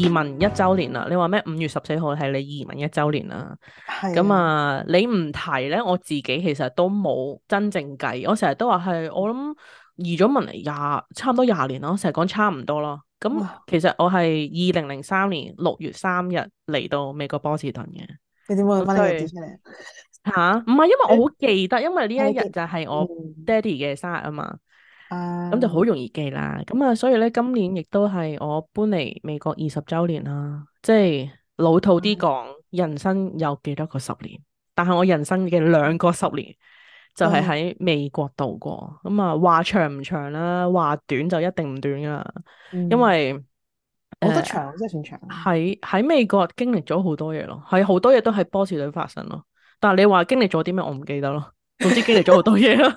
移民一周年啦，你話咩？五月十四號係你移民一周年啦，咁啊的，你唔提咧，我自己其實都冇真正計，我成日都話係我諗移咗民嚟廿差唔多廿年咯，成日講差唔多咯。咁其實我係二零零三年六月三日嚟到美國波士頓嘅。你點會搵日子出嚟？吓、啊，唔係因為我好記得，因為呢一日就係我爹哋嘅生日吖嘛。咁、嗯、就好容易記啦，咁啊，所以咧今年亦都係我搬嚟美國二十周年啦，啊，即係老套啲講，嗯、人生有幾多個十年，但係我人生嘅兩個十年就係喺美國度過，咁、嗯、啊話長唔長啦，啊，話短就一定唔短噶，啊，啦，嗯、因為我覺得長即係、呃、算長，喺喺美國經歷咗好多嘢咯。係好多嘢都喺波士頓發生咯，但係你話經歷咗啲咩，我唔記得咯，總之經歷咗好多嘢咯。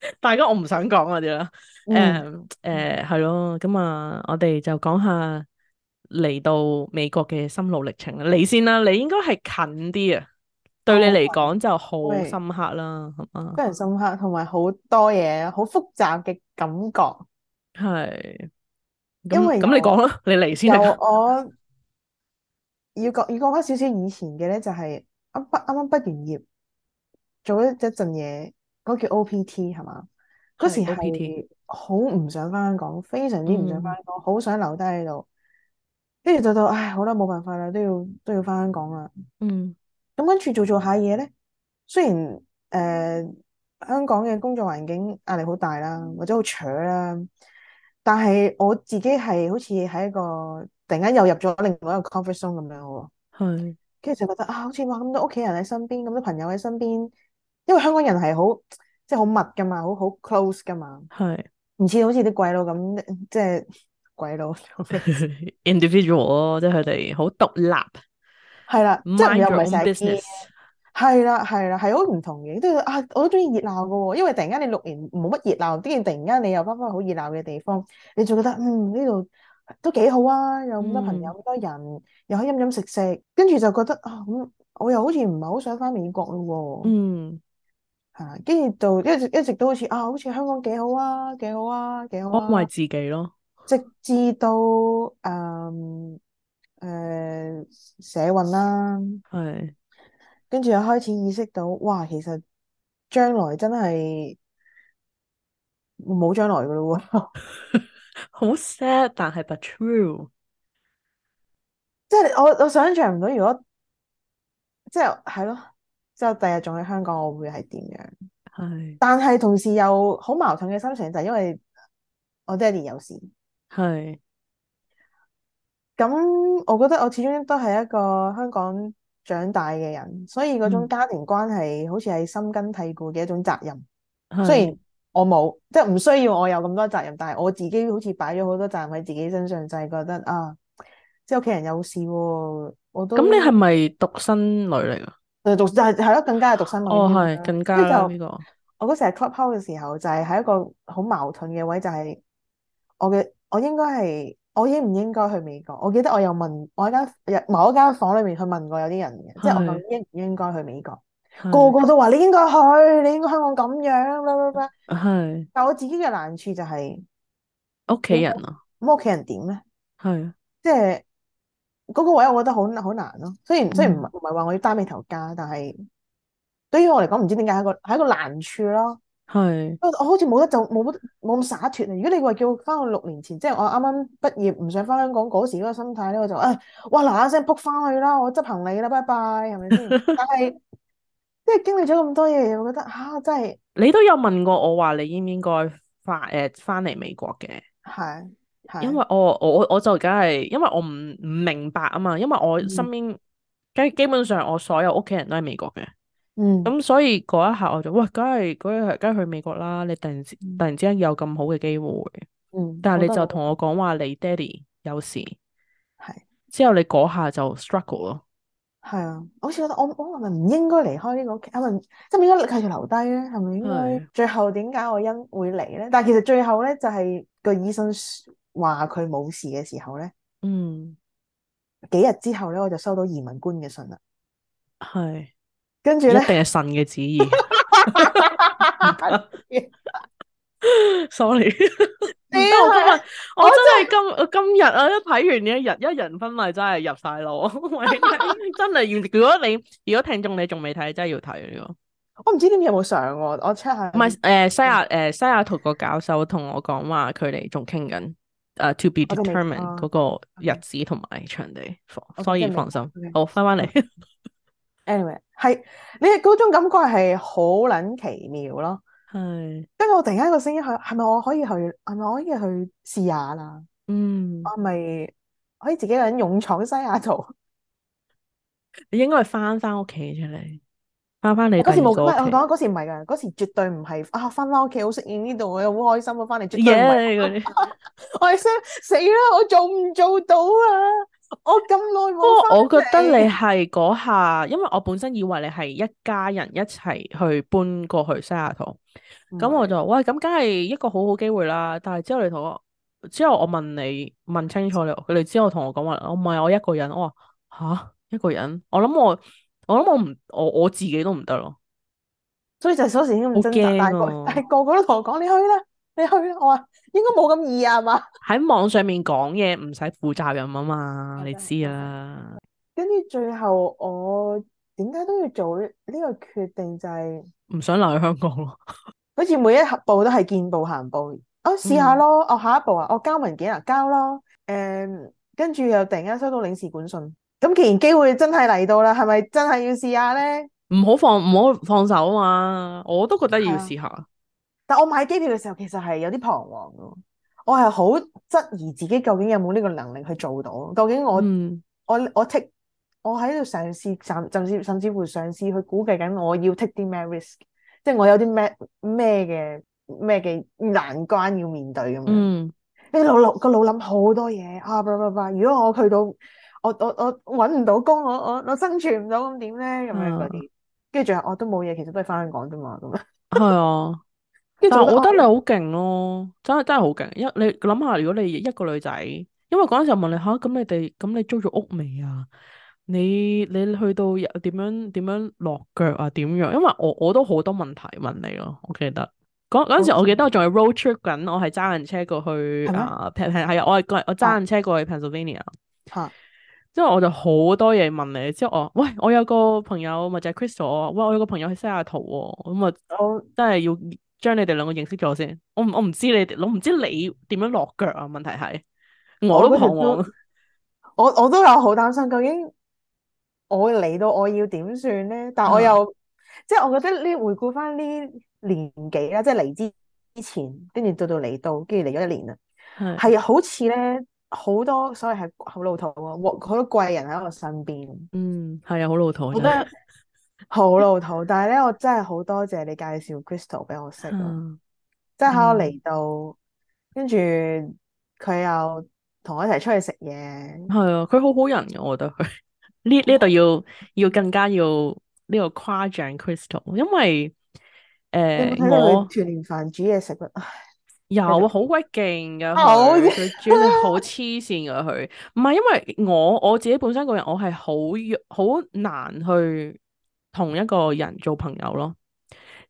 大家我唔想講嗰啲啦，誒誒，係咯，咁啊，我哋就講下嚟到美國嘅心路歷程啊。你先啦，你應該係近啲啊，對你嚟講就好深刻啦，係嘛？非常深刻，同埋好多嘢，好複雜嘅感覺。係，因為咁你講啦，你嚟先啊。我要講要講翻少少以前嘅咧，就係啱畢啱啱畢完業，做咗一陣嘢。嗰個叫 OPT 係嘛？嗰時係好唔想翻香港，非常之唔想翻香港，好、mm hmm. 想留低喺度。跟住就到唉，好啦，冇辦法啦，都要都要翻香港啦。嗯、mm，咁跟住做做下嘢咧。雖然誒、呃、香港嘅工作環境壓力好大啦，mm hmm. 或者好扯啦，但係我自己係好似喺一個突然間又入咗另外一個 comfort zone 咁樣喎。跟住、mm hmm. 嗯、就覺得啊，好似話咁多屋企人喺身邊，咁多朋友喺身邊。因為香港人係好即係好密噶嘛，好好 close 噶嘛，係唔似好似啲鬼佬咁，即係鬼佬 individual 咯，即係佢哋好獨立係啦，即係又唔係成件事係啦，係啦，係好唔同嘅，即係啊，我都中意熱鬧噶，因為突然間你六年冇乜熱鬧，跟住突然間你又翻翻好熱鬧嘅地方，你就覺得嗯，呢度都幾好啊，有咁多朋友咁多人，又可以飲飲食食，跟住就覺得啊，咁我又好似唔係好想翻美國咯，嗯。 啊！跟住就一直一直都好似啊，好似香港幾好啊，幾好啊，幾好啊！安慰自己咯，直至到誒誒、um, 呃、社運啦，係跟住又開始意識到哇，其實將來真係冇將來㗎咯喎，好 sad，但係 but true，即係我我想象唔到，如果即係係咯。之後第日仲去香港，我會係點樣？係是，但係同時又好矛盾嘅心情，就係、是、因為我爹哋有事。係是，咁我覺得我始終都係一個香港長大嘅人，所以嗰種家庭關係好似係深根蒂固嘅一種責任。是雖然我冇，即係唔需要我有咁多責任，但係我自己好似擺咗好多責任喺自己身上，就係、是、覺得啊，即係屋企人有事、啊，我都咁、嗯、你係咪獨生女嚟啊？誒，獨就係係咯，更加係獨生女。哦，係更加呢個。我嗰時係 clubhouse 嘅時候，就係、是、喺一個好矛盾嘅位、就是，就係我嘅我應該係我應唔應該去美國？我記得我又問我一間入某一間房裏面去問過有啲人嘅，即係是我問應唔應該去美國，是個個都話你應該去，你應該香港咁樣啦啦啦。係。是但我自己嘅難處就係屋企人啊，咁屋企人點咧？係啊是，即係、就是。嗰個位我覺得好好難咯、啊，雖然雖然唔唔係話我要擔起頭家，但係對於我嚟講，唔知點解係一個係一個難處咯。係是，我好似冇得就冇冇咁灑脫啊！如果你話叫翻我六年前，即係我啱啱畢業唔想翻香港嗰時嗰個心態咧，我就誒，哇嗱嗱聲撲翻去啦，我執行你啦，拜拜，係咪先？ 但係即係經歷咗咁多嘢，我覺得吓、啊、真係。你都有問過我話，你應唔應該翻誒翻嚟美國嘅？係。因為我我我就梗係，因為我唔唔明白啊嘛，因為我身邊基、嗯、基本上我所有屋企人都係美國嘅，嗯，咁所以嗰一下我就哇，梗係日梗係去美國啦，你突然，突然之間有咁好嘅機會，嗯、但係你就同我講話你爹哋有事，係、嗯，之後你嗰下就 struggle 咯，係啊，好似覺得我我係咪唔應該離開呢個屋企，啊唔，即係應該繼續留低咧，係咪應該？是最後點解我欣會嚟咧？但係其實最後咧就係個醫生。話佢冇事嘅時候咧，嗯，幾日之後咧，我就收到移民官嘅信啦。係是，跟住咧，一定係神嘅旨意。Sorry，唔我，我真係 今今日啊，一睇完一日一人分咪真係入晒腦， 真係如果你如果聽眾你仲未睇，真係要睇呢，這個。我唔知點有冇上我 check 下。唔係誒，西雅誒，西雅圖個教授同我講話，佢哋仲傾緊。啊、uh，to be determined 嗰個日子同埋場地，啊 okay. 所以放心。Okay. 好，翻返嚟。Anyway，係你嘅嗰種感覺係好撚奇妙咯。係是，跟住我突然間個聲音，去，係咪我可以去？係咪我可以去試下啦？嗯，我咪可以自己一個人勇闖西雅圖。你應該係翻返屋企出嚟。翻翻嚟，回回 時冇。我講嗰時唔係噶，嗰時絕對唔係。啊，翻翻屋企好適應呢度，又好開心啊，翻嚟絕對我係想死啦，我做唔做到啊？我咁耐冇。我覺得你係嗰下，因為我本身以為你係一家人一齊去搬過去西雅圖，咁是我就話喂咁，梗係一個好好機會啦。但係之後你同我，之後我問你，問清楚你，佢哋之後同我講話，我唔係我一個人，我話吓、啊、一個人，我諗我。我諗我唔，我我自己都唔得咯，所以就嗰時已經好驚，但係個個都同我講你去啦，你去啦。我話應該冇咁易啊嘛。喺網上面講嘢唔使負責任啊嘛，你知啊。跟住最後我點解都要做呢個決定，就是，就係唔想留喺香港咯。 好似每一步都係見步行步，我試下咯。我、嗯哦、下一步啊，我、哦、交文件啊，交咯。誒、嗯，跟住又突然間收到領事館信。咁既然機會真係嚟到啦，係咪真係要試下咧？唔好放唔好放手啊嘛！我都覺得要試下、啊。但我買機票嘅時候，其實係有啲彷徨咯。我係好質疑自己究竟有冇呢個能力去做到。究竟我、嗯、我我 t 我喺度嘗試甚至，至甚至乎嘗試去估計緊，我要 take 啲咩 risk，即係我有啲咩咩嘅咩嘅難關要面對咁樣。嗯，你腦腦個腦諗好多嘢啊！Blah, blah, blah, 如果我去到。我我我揾唔到工，我我我生存唔到，咁點咧？咁樣嗰啲，跟住仲有我都冇嘢，其實都係返香港啫嘛。咁啊，係啊。跟住我，覺得你好勁咯，真係真係好勁。一你諗下，如果你一個女仔，因為嗰陣時我問你吓，咁、啊、你哋咁你租咗屋未啊？你你去到點樣點樣落腳啊？點樣？因為我我都好多問題問你咯。我記得嗰嗰陣時，我記得我仲係 road trip 緊，我係揸人車過去啊係嗎啊，我係我揸人車過去 Pennsylvania 吓。之後我就好多嘢問你，之後我喂我有個朋友，咪就係、是、Crystal，喂我有個朋友喺西雅圖，咁啊我真係要將你哋兩個認識咗先。我唔我唔知你哋，我唔知你點樣落腳啊？問題係我都好，我我都有好擔心，究竟我嚟到我要點算咧？但係我又、嗯、即係我覺得呢，回顧翻呢年幾啦，即係嚟之之前，跟住到到嚟到，跟住嚟咗一年啦，係是好似咧。好多，所以係好老土啊！好多貴人喺我身邊，嗯，係啊，好老土。我覺得好老土， 但係咧，我真係好多謝你介紹 Crystal 俾我識啊。嗯、即係喺我嚟到，嗯、跟住佢又同我一齊出去食嘢。係啊，佢好好人，我覺得佢呢呢度要要更加要呢、呢個誇獎 Crystal，因為誒，冇團年飯煮嘢食啊！有好鬼勁噶，佢專好黐線噶佢，唔係 因為我我自己本身個人，我係好好難去同一個人做朋友咯。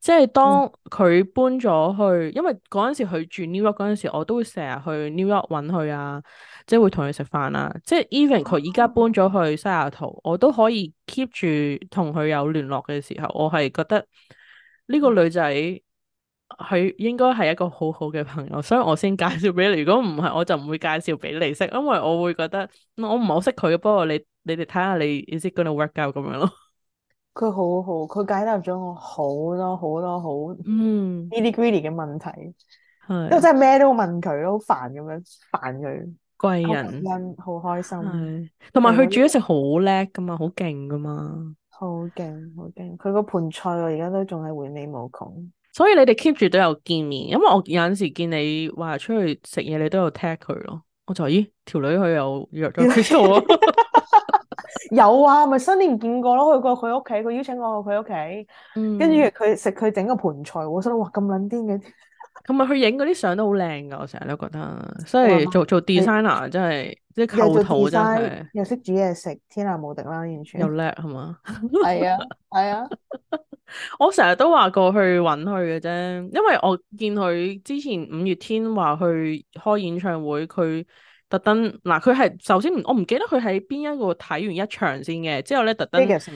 即係當佢搬咗去，嗯、因為嗰陣時佢住 New York 嗰陣時，我都會成日去 New York 搵佢啊，即係會同佢食飯啊。嗯、即係 even 佢而家搬咗去西雅圖，我都可以 keep 住同佢有聯絡嘅時候，我係覺得呢個女仔。佢應該係一個好好嘅朋友，所以我先介紹俾你。如果唔係，我就唔會介紹俾你識，因為我會覺得我唔係好識佢。不過你你哋睇下，你，看看你 is it gonna work out 咁樣咯？佢好好，佢解答咗我好多好多好嗯 greedy 嘅問題，因為真係咩都問佢，好煩咁樣，煩佢貴人好開心，同埋佢煮嘢食好叻噶嘛，好勁噶嘛，好勁好勁，佢個盤菜我而家都仲係回味無窮。所以你哋 keep 住都有見面，因為我有陣時見你話出去食嘢，你都有 tag 佢咯。我就話咦，條女佢又約咗邊度啊？有啊，咪新年見過咯，去過佢屋企，佢邀請我去佢屋企，嗯，跟住佢食佢整個盤菜，我心諗哇咁撚癲嘅。同埋佢影嗰啲相都好靚㗎，我成日都覺得，所以做做，做 designer、欸、真係即係構圖真係又識煮嘢食，天下無敵啦，完全又叻係嘛？係啊係啊， 我成日都話過去揾佢嘅啫，因為我見佢之前五月天話去開演唱會，佢特登嗱佢係首先我唔記得佢喺邊一個睇完一場先嘅，之後咧特登。非常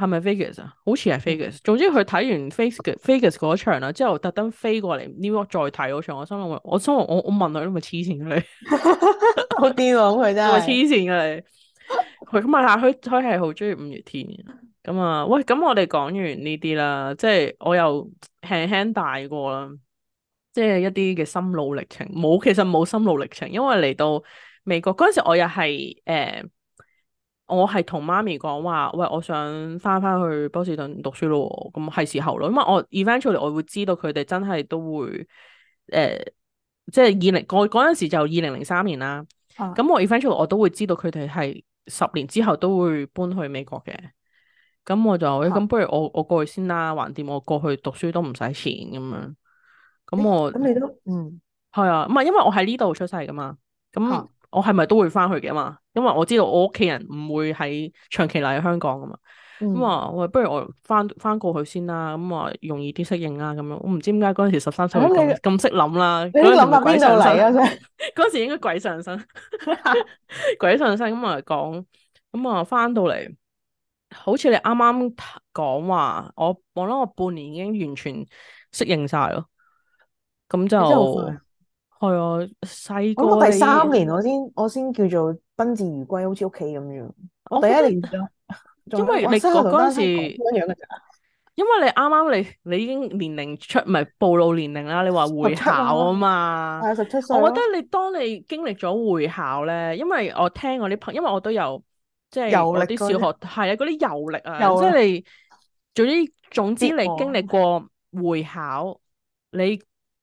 係咪 Vegas 啊？好似係 Vegas。總之佢睇完 Vegas Vegas 嗰場啦，之後特登飛過嚟 New York 再睇嗰場，我心諗，我心諗我我問佢都咪黐線嘅你，好癲喎佢真係黐線啊你。佢咁問下佢，佢係好中意五月天。咁啊、嗯，喂，咁我哋講完呢啲啦，即係我又輕輕大過啦，即係一啲嘅心路歷程冇，其實冇心路歷程，因為嚟到美國嗰陣時我，我又係誒。我係同媽咪講話，喂，我想翻翻去波士頓讀書咯，咁係時候咯，因為我 eventually 我會知道佢哋真係都會，誒、呃，即係二零嗰嗰陣時就二零零三年啦，咁、啊、我 eventually 我都會知道佢哋係十年之後都會搬去美國嘅，咁我就誒，咁、啊哎、不如我我過去先啦，橫掂我過去讀書都唔使錢咁樣，咁我咁、欸、你都，嗯，係啊，唔係因為我喺呢度出世㗎嘛，咁我係咪都會翻去嘅嘛？因為我知道我屋企人唔會喺長期嚟香港噶嘛，咁、嗯、啊，我不如我翻翻過去先啦，咁、欸、啊容易啲適應啦，咁樣你。我唔知點解嗰陣時十三歲咁咁識諗啦，嗰陣時應該鬼上身，嗰陣時應該鬼上身。鬼上身咁啊講，咁啊翻到嚟，好似你啱啱講話，我望翻我，我半年已經完全適應晒咯，咁就係啊細個。咁我、嗯、第三年我先我先叫做。賓至如歸，好似屋企咁樣。我第一年， 因為你嗰陣時，因為你啱啱你你已經年齡出，唔係暴露年齡啦。你話會考啊嘛，係十七歲。我覺得你當你經歷咗會考咧，因為我聽我啲朋友，因為我都有即係嗰啲小學係啊，嗰啲遊，遊歷啊，歷即係總之總之你經歷過會考，哦、你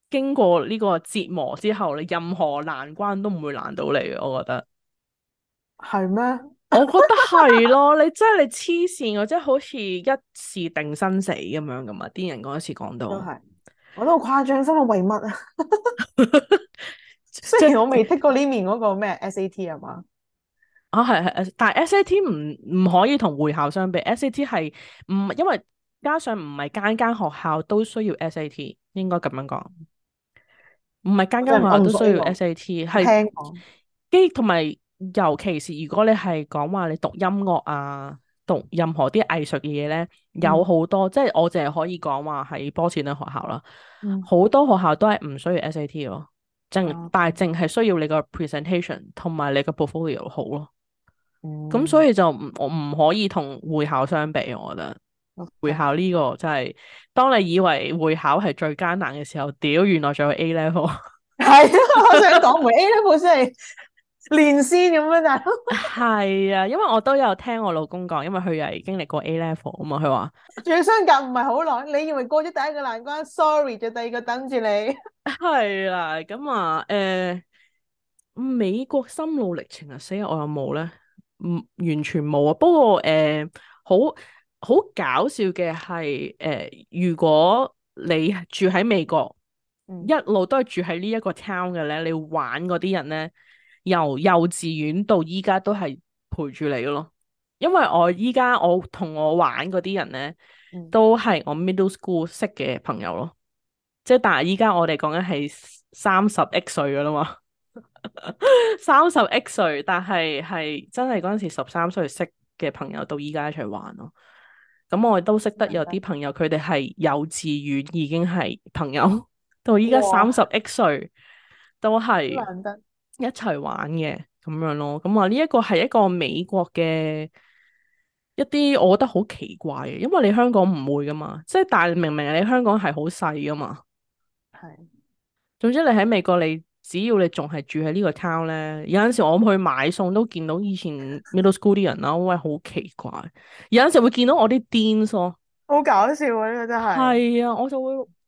經過呢個折磨之後，你任何難關都唔會難到你。我覺得。係咩？我覺得係咯，你真係你黐線，我真係好似一試定生死咁樣噶嘛？啲人講一次講到，我都好誇張，心入為乜啊？雖然我未識過呢面嗰個咩 S A T 啊嘛，啊係係，但 S A T 唔唔可以同會考相比，S A T 係唔因為加上唔係間間學校都需要 S A T，應該咁樣講，唔係間間學校都需要 S A T 係，跟住同埋。說尤其是如果你係講話你讀音樂啊，讀任何啲藝術嘅嘢咧，有好多、嗯、即係我淨係可以講話喺波士頓學校啦，好、嗯、多學校都係唔需要 S A T 咯，淨、嗯、但係淨係需要你個 presentation 同埋你個 portfolio 好咯。咁、嗯、所以就唔我唔可以同會考相比，我覺得、嗯、會考呢個真、就、係、是，當你以為會考係最艱難嘅時候，屌原來仲有 A level。係我想講回 A level 先。 連線咁樣就係 啊，因為我都有聽我老公講，因為佢又係經歷過 A level 啊嘛，佢話住相隔唔係好耐，你以為過咗第一個難關，sorry，就第二個等住你。係啦，咁啊，誒、啊呃，美國心路歷程啊，死啊，我有冇咧，唔完全冇啊。不過誒，好、呃、好搞笑嘅係，誒、呃，如果你住喺美國，嗯、一路都係住喺呢一個 town 嘅咧，你玩嗰啲人咧。由幼稚園到依家都係陪住你嘅咯，因為我依家我同我玩嗰啲人咧，嗯、都係我 middle school 識嘅朋友咯。即係但係依家我哋講緊係三十 X 歲噶啦嘛，三 十 X 歲，但係係真係嗰陣時十三歲識嘅朋友到依家一齊玩咯。咁我都識得有啲朋友，佢哋係幼稚園已經係朋友，嗯、到依家三十 X 歲哇都係是。一齊玩嘅咁樣咯，咁啊呢一個係一個美國嘅一啲，我覺得好奇怪嘅，因為你香港唔會㗎嘛，即係但係明明你香港係好細㗎嘛，係是。總之你喺美國，你只要你仲係住喺呢個 town 咧，有陣時我去買餸都見到以前 middle school 啲人啦，喂，好奇怪，有陣時會見到我啲癲咯，好搞笑啊呢個真係。係啊，我就會。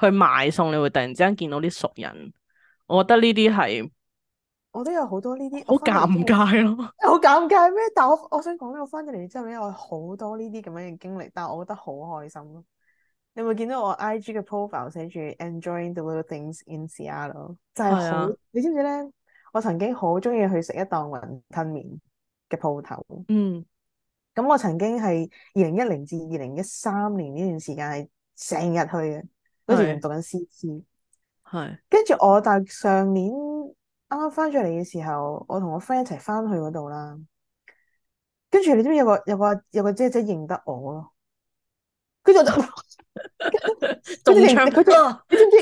去買餸，你會突然之間見到啲熟人，我覺得呢啲係，我都有好多呢啲，好尷尬咯，好尷尬咩？但我我想講呢，我翻咗嚟之後咧，我好多呢啲咁樣嘅經歷，但係我覺得好開心咯。你有冇見到我 I G 嘅 profile 寫住 enjoying the little things in Seattle？真係，就是啊，你知唔知咧？我曾經好中意去食一檔雲吞麵嘅鋪頭，嗯，咁，嗯、我曾經係二零一零至二零一三年呢段時間係成日去嘅。嗰時讀緊 C C，係。跟住我，但上年啱啱翻出嚟嘅時候，我同我 friend 一齊翻去嗰度啦。跟住你知唔知有個有個有個姐姐認得我咯？佢就，仲佢你知唔知？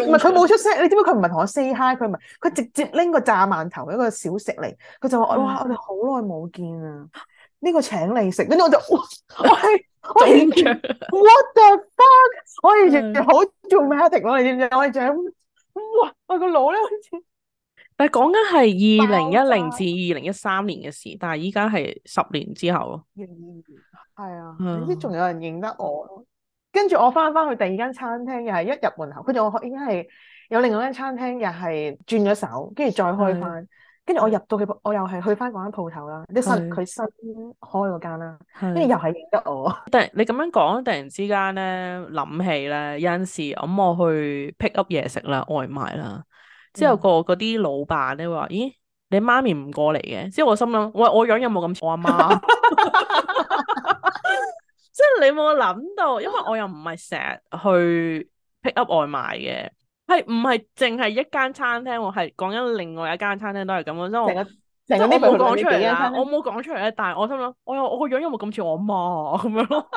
唔係佢冇出聲，你知唔知佢唔係同我 say hi，佢唔係，佢直接拎個炸饅頭一個小食嚟，佢就話、嗯：哇我哋好耐冇見啊！呢個請你食，跟住我就，喂 卓我係，我係，what the fuck，我係食好做 marketing，我你知唔知？我係想，哇，我個腦咧好似，但係講緊係二零一零至二零一三年嘅事，但係依家係十年之後咯。係、 嗯、啊，總之仲有人認得我。跟住我翻翻去第二間餐廳，又係一入門口，佢就我已經係有另外一間餐廳，又係轉咗手，跟住再開翻。跟住我入到去，我又係去翻嗰間鋪頭啦。啲新佢新開嗰間啦，跟住又係認得我。突然你咁樣講，突然之間咧諗起咧，有陣時咁我去 pick up 嘢食啦，外賣啦，之後個嗰啲老闆咧話：咦，你媽咪唔過嚟嘅？之後我心諗：喂，我樣有冇咁似我阿媽？即係你冇諗到，因為我又唔係成日去 pick up 外賣嘅。係唔係淨係一間餐廳？係講緊另外一間餐廳都係咁。我真係成日成日都冇講出嚟嘅。我冇講出嚟咧，但係我心諗，我又我個樣有冇咁似我媽咁樣咯？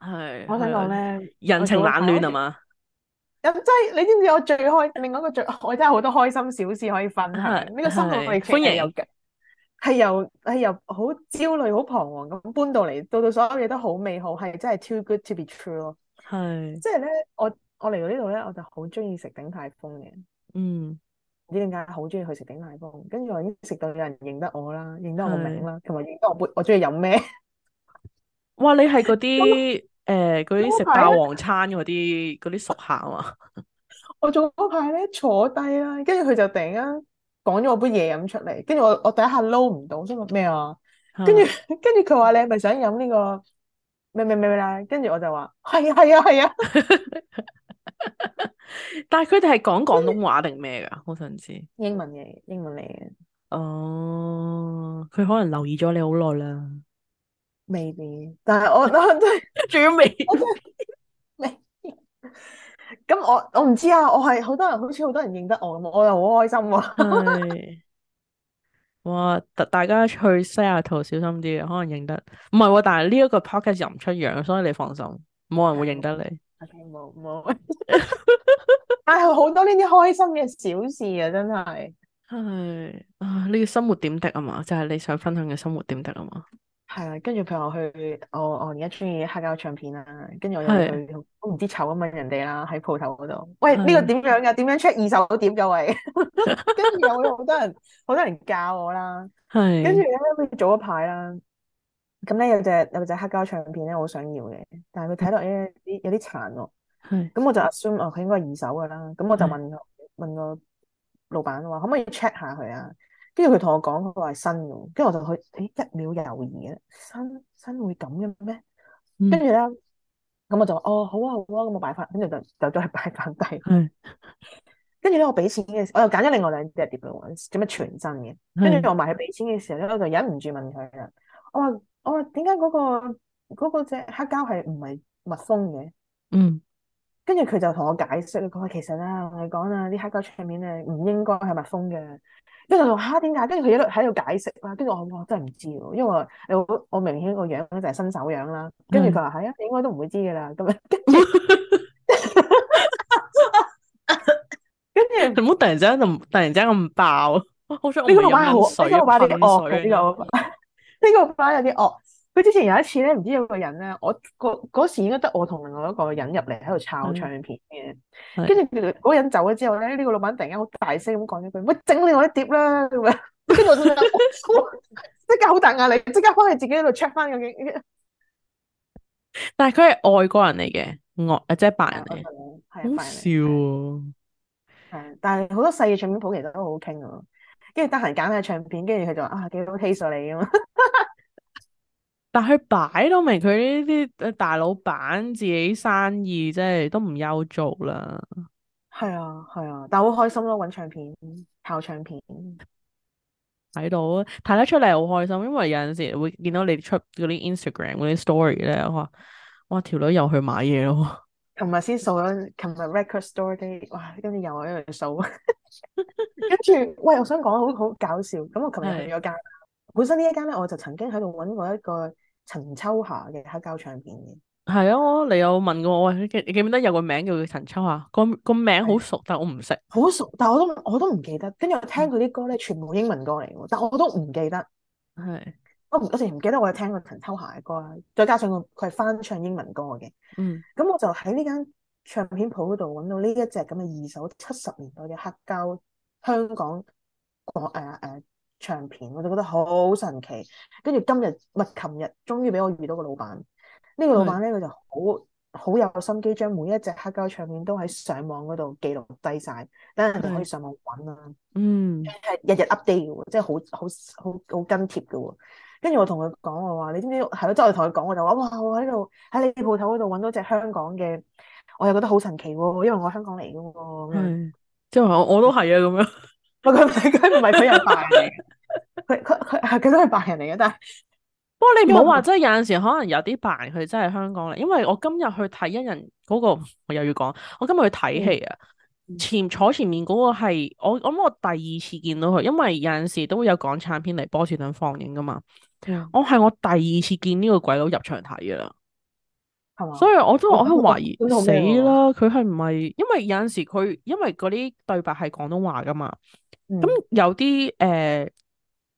係我想講咧，人情冷暖吖嘛。咁即係你知唔知？我最開另外一個最我真係好多開心小事可以分享。呢是、這個生活費歡迎又緊，係又係又好焦慮、好彷徨咁搬到嚟，到到所有嘢都好美好，係真係 too good to be true 咯。係即係咧，我。我嚟到呢度咧，我就好中意食鼎泰豐嘅，嗯，唔知點解好中意去食鼎泰豐，跟住我已經食到有人認得我啦，認得我名啦，同埋認得我杯我中意飲咩？哇！你係嗰啲誒嗰啲食霸王餐嗰啲嗰啲熟客啊嘛！我左嗰排咧坐低啦，跟住佢就頂啊，講咗我杯嘢飲出嚟，跟住我我第一下撈唔到，即係話咩啊？跟住跟住佢話你係咪想飲呢個咩咩咩啦？跟住我就話係啊係啊係啊！ 但係佢哋係講廣東話定咩噶？好想知。英文嘅，英文嚟嘅。哦，佢可能留意咗你好耐啦。未必。但 係我都仲都未，未。咁我我唔知啊，我係好多人，好似好多人認得我咁，我又好開心啊 。哇！大大家去西雅圖小心啲，可能認得。唔係啊，但係呢一個 podcast 又唔出樣，所以你放心，冇人會認得你。 冇冇，但係好多呢啲開心嘅小事啊，真係係啊，呢個生活點滴啊嘛，就係、是、你想分享嘅生活點滴啊嘛。係啊，跟住譬如我去，我我而家中意黑膠唱片啦，跟住我又去好唔的知醜咁問人哋啦，喺鋪頭嗰度。喂，呢的個樣樣點樣噶點樣 check 二手點噶喂， 跟住又有好多人，好多人教我啦。係的，跟住咧，早一排啦。咁咧有隻有隻黑膠唱片咧，我好想要嘅，但係佢睇落咧有啲殘喎。咁是、嗯、我就 assume 哦，佢應該係二手噶啦。咁我就問是問個老闆話，可唔可以 check 下佢啊？跟住佢同我講，佢話係新嘅。跟住我就去，誒、欸、一秒猶豫嘅，新新，新會咁嘅咩？跟住咧，咁、嗯嗯嗯、我就哦好啊好啊，咁冇辦法。跟住就就都去擺返低。跟住咧，我俾是錢嘅時候，我又揀咗另外兩隻碟嚟玩，做咩全新嘅？跟住同埋係俾錢嘅時候咧，我就忍唔住問佢啦，我話。我話，點解嗰個嗰、嗰個隻黑膠係唔係密封嘅？嗯，跟住佢就同我解釋，佢話其實啦，我講啦，啲黑膠上面咧唔應該係密封嘅。跟住我話吓，點解？跟住佢一度喺度解釋啦。跟住我我真係唔知喎，因為我，我明顯個樣就係新手樣啦。跟住佢話係啊，你、嗯哎、應該都唔會知噶啦。咁樣跟住，跟住唔好突然之間，突然之間咁爆，好想呢個龍好，好水啊！呢個。呢個老闆有啲惡。佢之前有一次咧，唔知有個人咧，我嗰嗰時應該得我同另外一個人入嚟喺度抄唱片嘅。跟住嗰人走咗之後咧，呢、這個老闆突然間好大聲咁講咗句：喂，整你我啲碟啦咁樣。即刻好大壓力，即刻返去自己喺度 check 返嗰啲。但係佢係外國人嚟嘅，外即係白人嚟。 人好笑啊、哦！但係好多細嘅唱片鋪其實都好好傾嘅。跟住得閒揀下唱片，跟住佢就話啊幾多 taste 到你啊嘛！ 」但佢擺到明佢呢啲大老闆自己生意即係都唔休做啦。係啊，係啊，但係好開心咯、啊，揾唱片、靠唱片睇到睇得出嚟好開心，因為有陣時會見到你出嗰啲 Instagram 嗰啲 story 咧，我話哇條女又去買嘢咯。琴日先掃咗，琴日 Record Store Day，哇！跟住又我一樣掃，跟 住喂，我想講好好搞笑。咁我琴日去咗間，的本身一間呢一間咧，我就曾經喺度搵過一個陳秋霞嘅黑膠唱片嘅。係啊，你有問過我？喂，你記唔記得有個名叫陳秋霞？個個名好熟，的熟，但係我唔識。好熟，但係我都我都唔記得。跟住我聽佢啲歌咧，全部英文歌嚟，但我都唔記得。係。我我之唔記得我有聽過陳秋霞嘅歌啊，再加上佢佢係翻唱英文歌嘅，咁、嗯、我就喺呢間唱片鋪嗰度揾到呢一隻咁嘅二手七十年代嘅黑膠香港廣誒、啊啊、唱片，我就覺得好神奇。跟住今日咪係琴日，終於俾我遇到個老闆。呢、呢個老闆咧，佢是就好好有心機，將每一隻黑膠唱片都喺上網嗰度記錄低晒，等人就可以上網揾啦。是嗯，係日日 update 嘅，即係好好好好跟貼嘅喎。跟住我同佢講，我話：你知唔知？係咯，即係我同佢講，我就話：哇！我喺度喺你鋪頭嗰度揾到隻香港嘅，我又覺得好神奇喎、哦，因為我香港嚟噶喎。即係我都係啊，咁樣。佢佢佢係佢都係白人嚟嘅，但係不過你唔好話，即係別 有陣時可能有啲白人佢真係香港嚟，因為我今日去睇一人嗰、嗰個，我又要講，我今日去睇戲啊，嗯、前坐前面嗰個係我，我諗我第二次見到佢，因為有陣時都會有港產片嚟波士頓放映㗎嘛。我係我第二次見呢個鬼佬入場睇噶啦，係嘛吧？所以我都我喺度懷疑、哦、死啦，佢係唔係？因為有陣時佢因為嗰啲對白係廣東話噶嘛，咁、嗯、有啲誒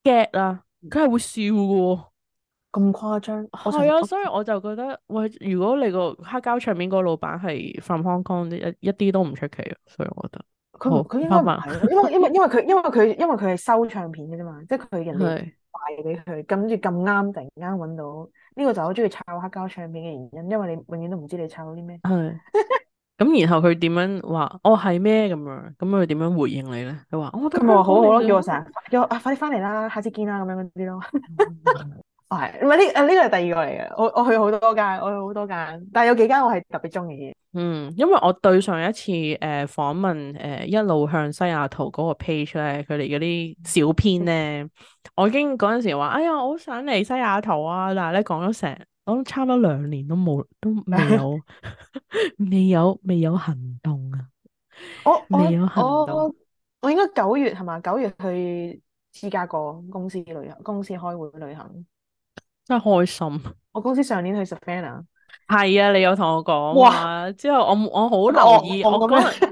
get 啦，佢、呃、係、啊、會笑嘅喎，咁誇張？係、嗯、啊，所以我就覺得喂，如果你個黑膠唱片個老闆係泛香港啲，一一啲都唔出奇啊！所以我覺得佢佢應該係為， 因為因為因為佢因為佢因為佢係收唱片嘅啫嘛，即係佢人。對賣俾佢，跟住咁啱突然間搵到呢、這個就好中意炒黑膠唱片嘅原因，因為你永遠都唔知你炒到啲咩。係的，咁 然後佢點樣話？哦，係咩咁樣？咁佢點樣回應你咧？佢話哦，佢咪話好好咯，叫我成日叫我啊，快啲翻嚟啦，下次見啦咁樣嗰啲咯、嗯。 係唔係呢？誒呢、哦這個係、這個、第二個嚟嘅。我我去好多間，我有好多間，但係有幾間我係特別中意嘅。嗯，因為我對上一次誒、呃、訪問誒、呃、一路向西雅圖嗰個 page 咧，佢哋嗰啲小編咧，我已經嗰陣時話哎呀，我好想嚟西雅圖啊，但係咧講咗成，我都差唔多兩年都冇，都未有，未 有，未有行動啊！我我我我應該九月係嘛？九月去私家個公司旅行，公司開會嘅旅行。真係開心！我公司上年去 Savannah，係啊，你有同我講、啊。哇嘩！之後我我好留意，我嗰日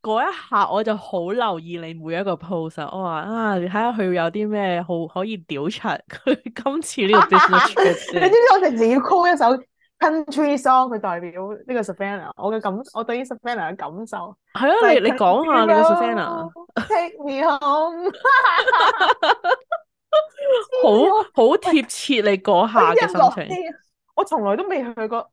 嗰一下我就好留意你每一個 pose、啊。我話啊，你睇下佢有啲咩好可以屌出佢今次呢個 你知唔知我平時要 call 一首 country song，佢代表呢個 Savannah。我嘅感，我對於 Savannah 嘅感受係啊，你你講下你嘅 Savannah。Take me home。 好好貼切你嗰下嘅心情，我從來都未去過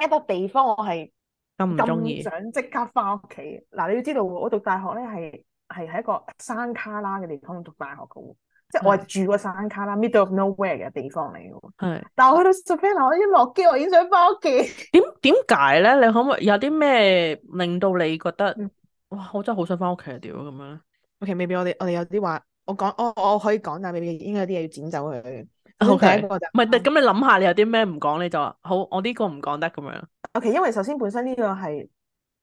一個地方，我係咁唔中意，想即刻翻屋企。嗱，你要知道，我讀大學咧係係喺一個山卡拉嘅地方讀大學嘅，即係我係住個山卡拉 middle of nowhere 嘅地方嚟嘅。係的，但係我去到 Sofia，我一落機我已經想翻屋企。點點解咧？你可唔可以有啲咩令到你覺得哇、嗯？我真係好想翻屋企啊！屌咁樣，OK，maybe 我哋我哋有啲話。我講我我可以講，但未必應該有啲嘢要剪走佢。O K，唔係，咁你諗下，你有啲咩唔講，你就話好，我呢個唔講得咁樣。OK，因為首先本身呢個係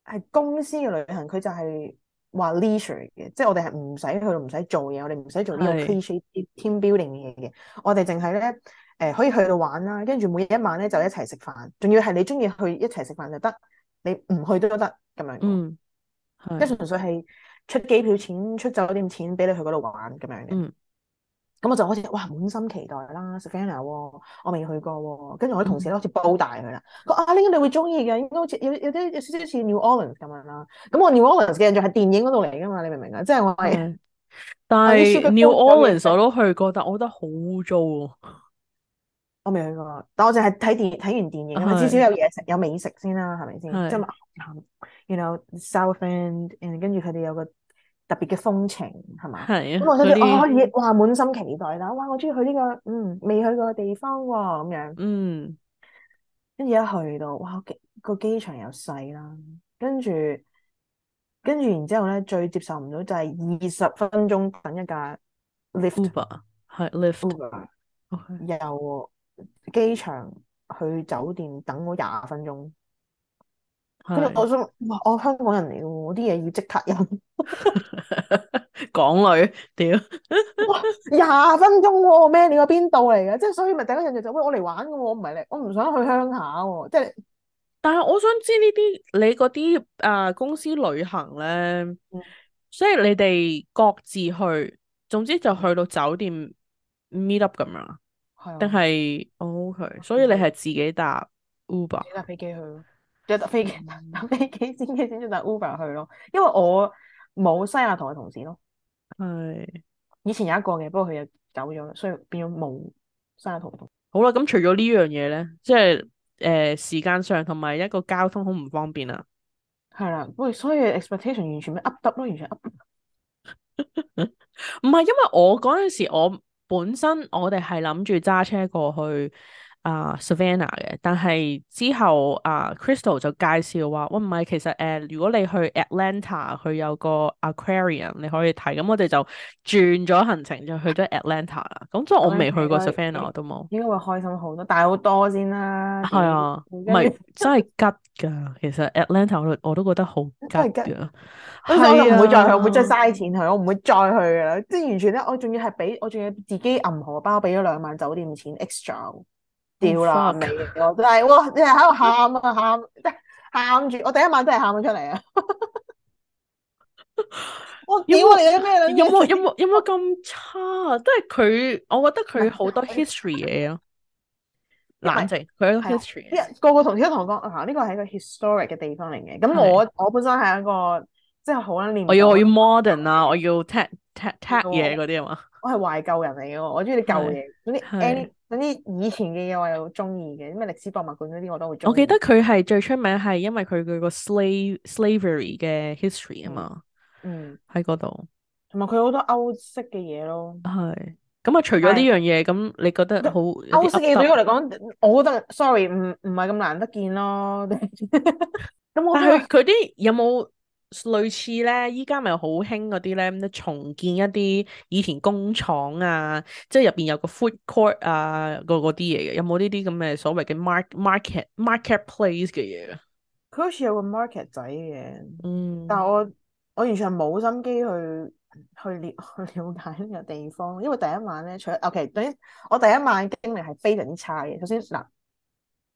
係公司嘅旅行，佢就係話 leisure 嘅，即係我哋係唔使去到，唔使做嘢，我哋唔使做呢個 creative team building 嘅嘢嘅，我哋淨係咧誒可以去到玩啦，跟住每一晚咧就一齊食飯，仲要係你中意去一齊食飯就得，你唔去都得咁樣。嗯，即係純粹係。出機票錢、出酒店錢俾你去嗰度玩咁樣嘅，咁、嗯、我就開始哇滿心期待啦！Savannah，我未去過，跟住我啲同事開始煲大佢啦，啊呢個你會中意嘅，應該好似有有啲有少少似 New Orleans 咁樣啦。咁我 New Orleans 嘅印象係電影嗰度嚟噶嘛，你明唔明啊？即係我係，但係 New Orleans 我都去過，但我覺得好污糟。我未去過，但我淨係睇電睇完電影，是至少有嘢食，有美食先啦，係咪先？即係是。You know, Southend, 跟住佢哋有個特別嘅風情係咪？咁我哋哦可以哇滿心期待啦！哇，我中意去呢個嗯未去過嘅地方喎咁樣，跟住一去到哇個機場又細啦，跟住跟住然之後咧最接受唔到就係二十分鐘等一架 lift，係、yes, lift，由機場去酒店等我廿分鐘。是我想，哇，我香港人嚟嘅，我啲嘢要即刻印。 港女，屌！ 廿分鐘喎咩？你個邊度嚟嘅？即係，所以咪第一印象就喂，我嚟玩嘅，我唔係嚟，我唔想去鄉下。即係，但係我想知呢啲你嗰啲誒公司旅行咧，嗯、所以你哋各自去，總之就去到酒店 meet up 咁樣啦。係的，定係 OK 的。所以你係自己搭 Uber，搭飛機去。即係搭飛機，搭飛機，先嘅，先至搭 Uber 去咯。因為我冇西雅圖嘅同事咯，係的以前有一個嘅，不過佢又走咗啦，所以變咗冇西雅圖。好啦，咁除咗呢樣嘢咧，即係誒、呃、時間上同埋一個交通好唔方便啊。係啦，喂，所以 expectation 完全噏耷咯，完全噏。唔係 因為我嗰陣時我，我本身我哋係諗住揸車過去。啊、uh,，Savannah 嘅，但係之後啊、uh,，Crystal 就介紹話，喂，唔係，其實誒、啊，如果你去 Atlanta，佢有個 aquarium，你可以睇。咁我哋就轉咗行程， 就去咗 Atlanta 啦。咁即係我未去過 Savannah 都冇， 應該會開心好多，但係好多先啦。係、嗯、啊，唔係 真係吉㗎。其實 Atlanta 我,我都覺得好吉㗎，所以 我唔會再去， 啊、唔會再嘥錢去，我唔會再去㗎啦。即、就、係、是、完全咧，我仲要係俾我仲要自己銀荷包俾咗兩萬酒店錢 extra。掉啦尾嚟咯，真係你係喺度喊啊喊，即係喊住。我第一晚真係喊咗出嚟啊！我屌你啊咩？有冇有冇有冇咁差啊？即係佢，我覺得佢好多 history 嘢啊。冷靜，佢好多 history。啲個個同事都同我講，吓呢個係一個 historic 嘅地方嚟嘅。咁我我本身係一個即係好捻。我要我要 modern 啊！我要 tag tag tag 嘢嗰啲啊嘛。我係懷舊人嚟嘅，我中意啲舊嘢。啲總之以前嘅嘢我又好中意嘅，咩歷史博物館嗰啲我都好中意。我記得佢係最出名係因為佢佢個 slave slavery 嘅 history 啊嘛，嗯，嗯，喺嗰度，同埋佢好多歐式嘅嘢咯。係咁啊，除咗呢樣嘢，咁是你覺得好歐式嘅嘢對我嚟講，我覺得 sorry 唔唔係咁難得見咯。咁佢佢啲有冇？ 類似咧，依家咪好興嗰啲咧，重建一啲以前工廠啊，即係入邊有個 food court 啊，嗰嗰啲嘢嘅，有冇呢啲咁嘅所謂嘅 market market place 嘅嘢啊？佢好似有個 market 仔嘅，嗯，但係我我完全冇心機去去了去了解呢個地方，因為第一晚咧，除，ok，咗等我第一晚經歷係非常之差嘅，首先嗱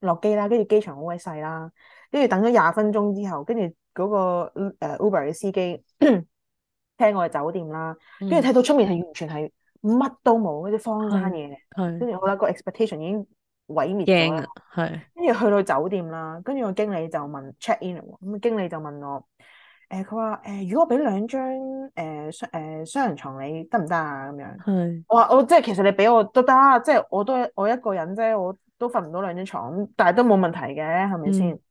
落機啦，跟住機場好鬼細啦，跟住等咗廿分鐘之後，跟住，嗰個 Uber 嘅司機， 聽我哋酒店啦，跟住睇到出面係完全係乜都冇嗰啲荒山嘢，跟住我覺得個 expectation 已經毀滅咗啦。跟住去到酒店啦，跟住個經理就問 check in 咁啊經理就問我，誒佢話誒如果我俾兩張誒雙誒雙人床你，你得唔得啊？咁樣係。是我話我即係其實你俾我,我都得，即係我都我一個人啫，我都瞓唔到兩張床，但係都冇問題嘅，係咪先？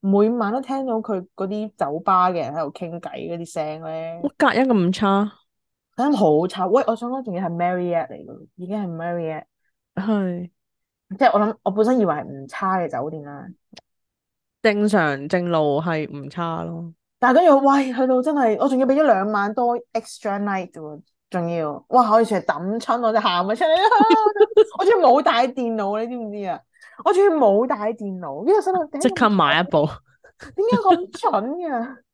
每晚都聽到佢嗰啲酒吧嘅人喺度傾偈嗰啲聲咧，我隔音咁差，隔音好差。喂，我想講，仲要係 Marriott 嚟嘅，已經係 Marriott，係，是即係我諗，我本身以為係唔差嘅酒店啦。正常正路係唔差咯，但係跟住，喂，去到真係，我仲要俾咗兩晚多 extra night 嘅，仲要，哇！可以成日抌親，我就喊出嚟 我仲冇帶電腦，你知唔知啊？我仲要冇帶電腦，呢個新聞即刻買一部，點解咁蠢噶，啊？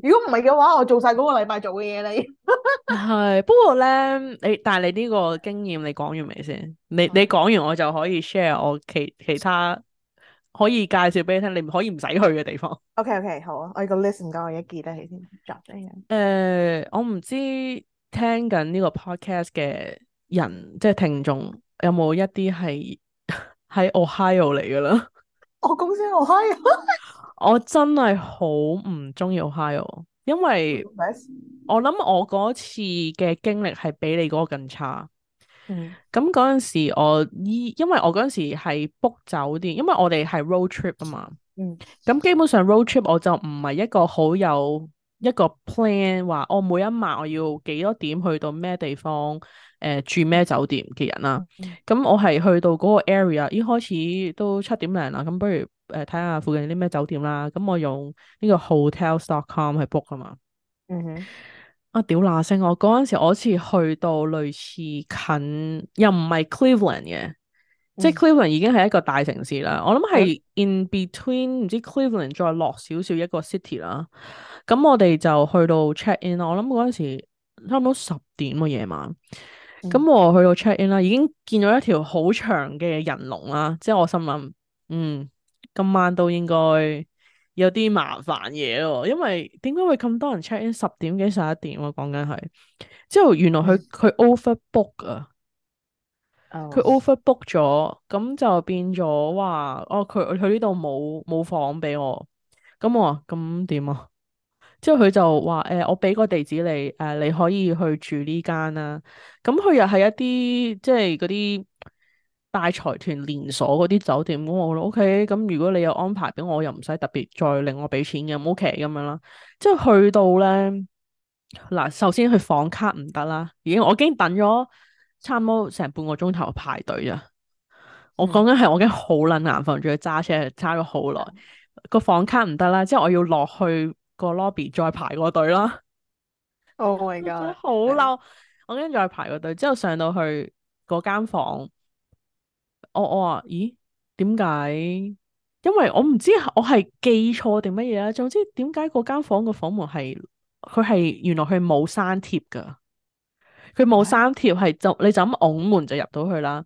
如果唔係嘅話，我做晒嗰個禮拜做嘅嘢你，係， 不過咧，你但係你呢個經驗，你講完未先？你你講完，我就可以 share 我其其他可以介紹俾你聽，你可以唔使去嘅地方。OK，OK，okay, okay, 好啊，我一個 list 唔該，我一記得起先。誒、呃，我唔知聽緊呢個 podcast 嘅人，即、就、係、是、聽眾有冇一啲係。喺 Ohio 嚟噶啦，我公司 Ohio，我真係好唔中意 Ohio，因為我諗我嗰次嘅經歷係比你嗰個更差。嗯，咁嗰陣時我依，因為我嗰陣時係 book 酒店，因為我哋係 road trip 啊嘛。嗯，咁基本上 road trip 我就唔係一個好有一個 plan，話我每一晚我要幾多點去到咩地方。誒、呃，住咩酒店嘅人啦？咁、mm hmm. 嗯、我係去到嗰個 area，已經開始都七點零啦。咁、嗯、不如誒、睇、呃、下附近啲咩酒店啦。咁、嗯、我用呢個 hotels.com 去 book 啊嘛。Mm hmm. 啊，屌乸聲！我嗰陣時我好似去到類似近又唔係 Cleveland 嘅，mm hmm. 即係 Cleveland 已經係一個大城市啦。我諗係 in between 唔、mm hmm. 知 Cleveland 再落少少一個 city 啦。咁我哋就去到 check in 我。我諗嗰陣時差唔多十點夜晚。咁、嗯、我去到 check in 啦，已經見到一條好長嘅人龍啦。之後我心諗，嗯，今晚都應該有啲麻煩嘢咯。因為點解會咁多人 check in 十點幾十一點？我講緊係之後，原來佢佢 over book 啊，佢、哦、over book 咗，咁就變咗話，哦，佢佢呢度冇冇房俾我。咁我咁點啊？之後佢就話誒、呃，我俾個地址你，誒、呃，你可以去住呢間啦、啊。咁佢又係一啲即係嗰啲大財團連鎖嗰啲酒店。咁我話 OK，咁如果你有安排俾我，我又唔使特別再令我俾錢嘅，OK 咁樣啦。即係去到咧，嗱，首先去房卡唔得啦，已經我已經等咗差唔多成半個鐘頭排隊啦。我講緊係我已經好撚難，防住揸車揸咗好耐，個房卡唔得啦。之後我要落去。個 lobby 再排個隊啦，Oh my god，好嬲 氣！ 我跟住再排個隊，之後上到去嗰間房，我我話，咦，點解？因為我唔知我係記錯定乜嘢啦。總之點解嗰間房個房門係，佢係原來佢冇閂貼噶，佢冇閂貼係就你就咁拱門就入到去啦。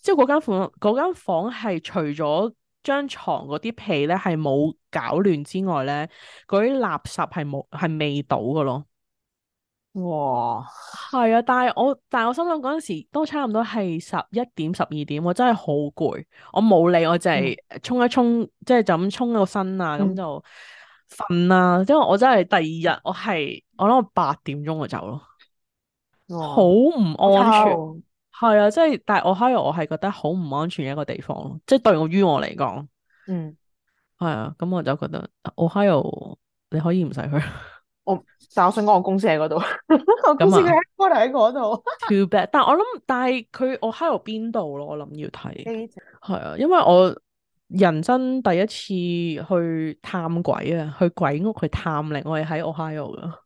之後嗰間房嗰間房係除咗。張床嗰啲被咧係冇搞亂之外咧，嗰啲垃圾係冇係未倒嘅咯。哇，係啊！但係我但係我心諗嗰陣時都差唔多係十一點十二點，我真係好攰，我冇理，我沖沖、嗯、就係沖一沖，即係就咁沖個身啊，咁就瞓啦。因為我真係第二日我係我諗我八點鐘就走咯，好唔哇安全。係啊，即係，但係 Ohio 我係覺得好唔安全嘅一個地方咯，即係對於我嚟講、嗯啊，嗯，係啊，咁我就覺得 Ohio 你可以唔使去， 我但係我想講我公司喺嗰度， 我公司喺開頭喺嗰度 too bad，但係我諗，但係佢 Ohio 邊度咯，我諗要睇，係 啊，因為我人生第一次去探鬼啊，去鬼屋去探靈，我係喺 Ohio 噶。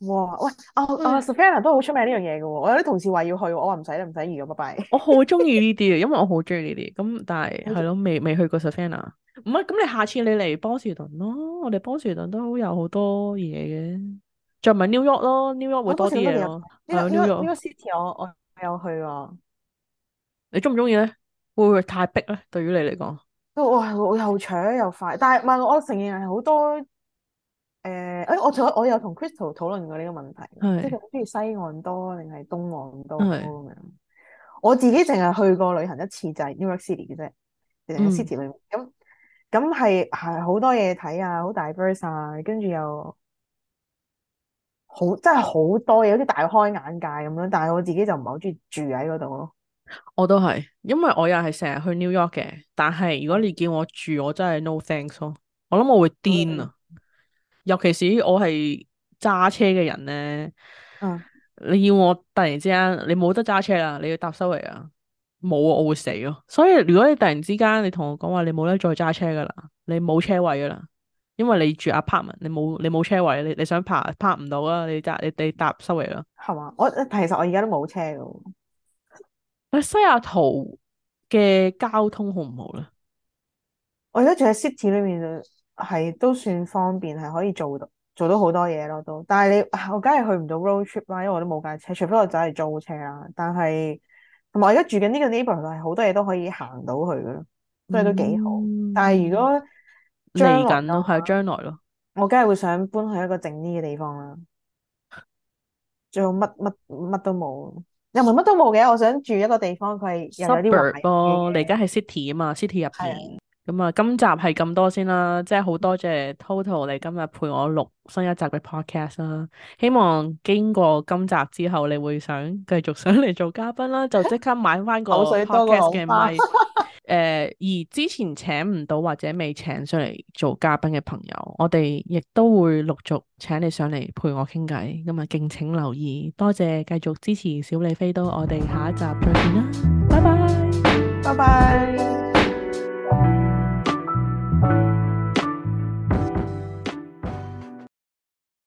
哇喂，阿阿、啊、Savannah 都好出名呢樣嘢嘅，我有啲同事話要去，我話唔使啦，唔使預咯，拜拜。 我好中意呢啲嘅，因為我好中意呢啲，咁但係係咯，未未去過 Savannah，唔係，咁你下次你嚟波士頓咯，我哋波士頓都有好多嘢嘅，再唔係 New York 咯，New York 會多啲嘢咯，New York City 我我，我有去過，你中唔中意咧？會唔會太逼咧？對於你嚟講，哇，又長又快，但係唔係我承認係好多。誒，誒、uh，我我我又同 Crystal 討論過呢個問題，是即係好中意西岸多定係東岸多咁是樣。我自己淨係去過旅行一次，就係、是、New York City 嘅啫，City 裏面。咁咁係係好多嘢睇啊，好 diverse 啊，跟住又好真係好多嘢，好似大開眼界咁樣。但係我自己就唔係好中意住喺嗰度咯。我都係，因為我又係成日去 New York 嘅，但係如果你叫我住，我真係 no thanks 咯。我諗我會癲啊！Mm hmm. 尤其是我係揸車嘅人咧，嗯、你要我突然之間你冇得揸車啦，你要搭收嚟啊！冇我會死咯。所以如果你突然之間你同我講話你冇得再揸車噶啦，你冇車位噶啦，因為你住 apartment，你冇你冇車位，你你想泊，泊唔到啊！你搭你，你搭收嚟咯，係嘛？我其實我而家都冇車噶喎。西雅圖嘅交通好唔好咧？我而家住喺 city 裏面係都算方便，係可以做到做到好多嘢咯，都。但係你我梗係去唔到 road trip 啦，因為我都冇架車，除非我走嚟租車啦。但係同埋我而家住緊呢個 neighbor 係好多嘢都可以行到去噶，所以、嗯、都幾好。但係如果將來咯，係將來咯，來我梗係會想搬去一個靜啲嘅地方啦。最好乜乜乜都冇，又唔係乜都冇嘅。我想住一個地方人，佢係又有啲。你而家係 city 啊嘛，city 入邊。咁啊，今集係咁多先啦，即係好多謝 Toto 你今日陪我錄新一集嘅 Podcast 啦。希望經過今集之後，你會想繼續上嚟做嘉賓啦，就即刻買翻個 Podcast 嘅麥。誒、 呃，而之前請唔到或者未請上嚟做嘉賓嘅朋友，我哋亦都會陸續請你上嚟陪我傾偈。咁啊，敬請留意，多謝繼續支持小李飛刀，我哋下一集再見啦，拜拜，拜拜。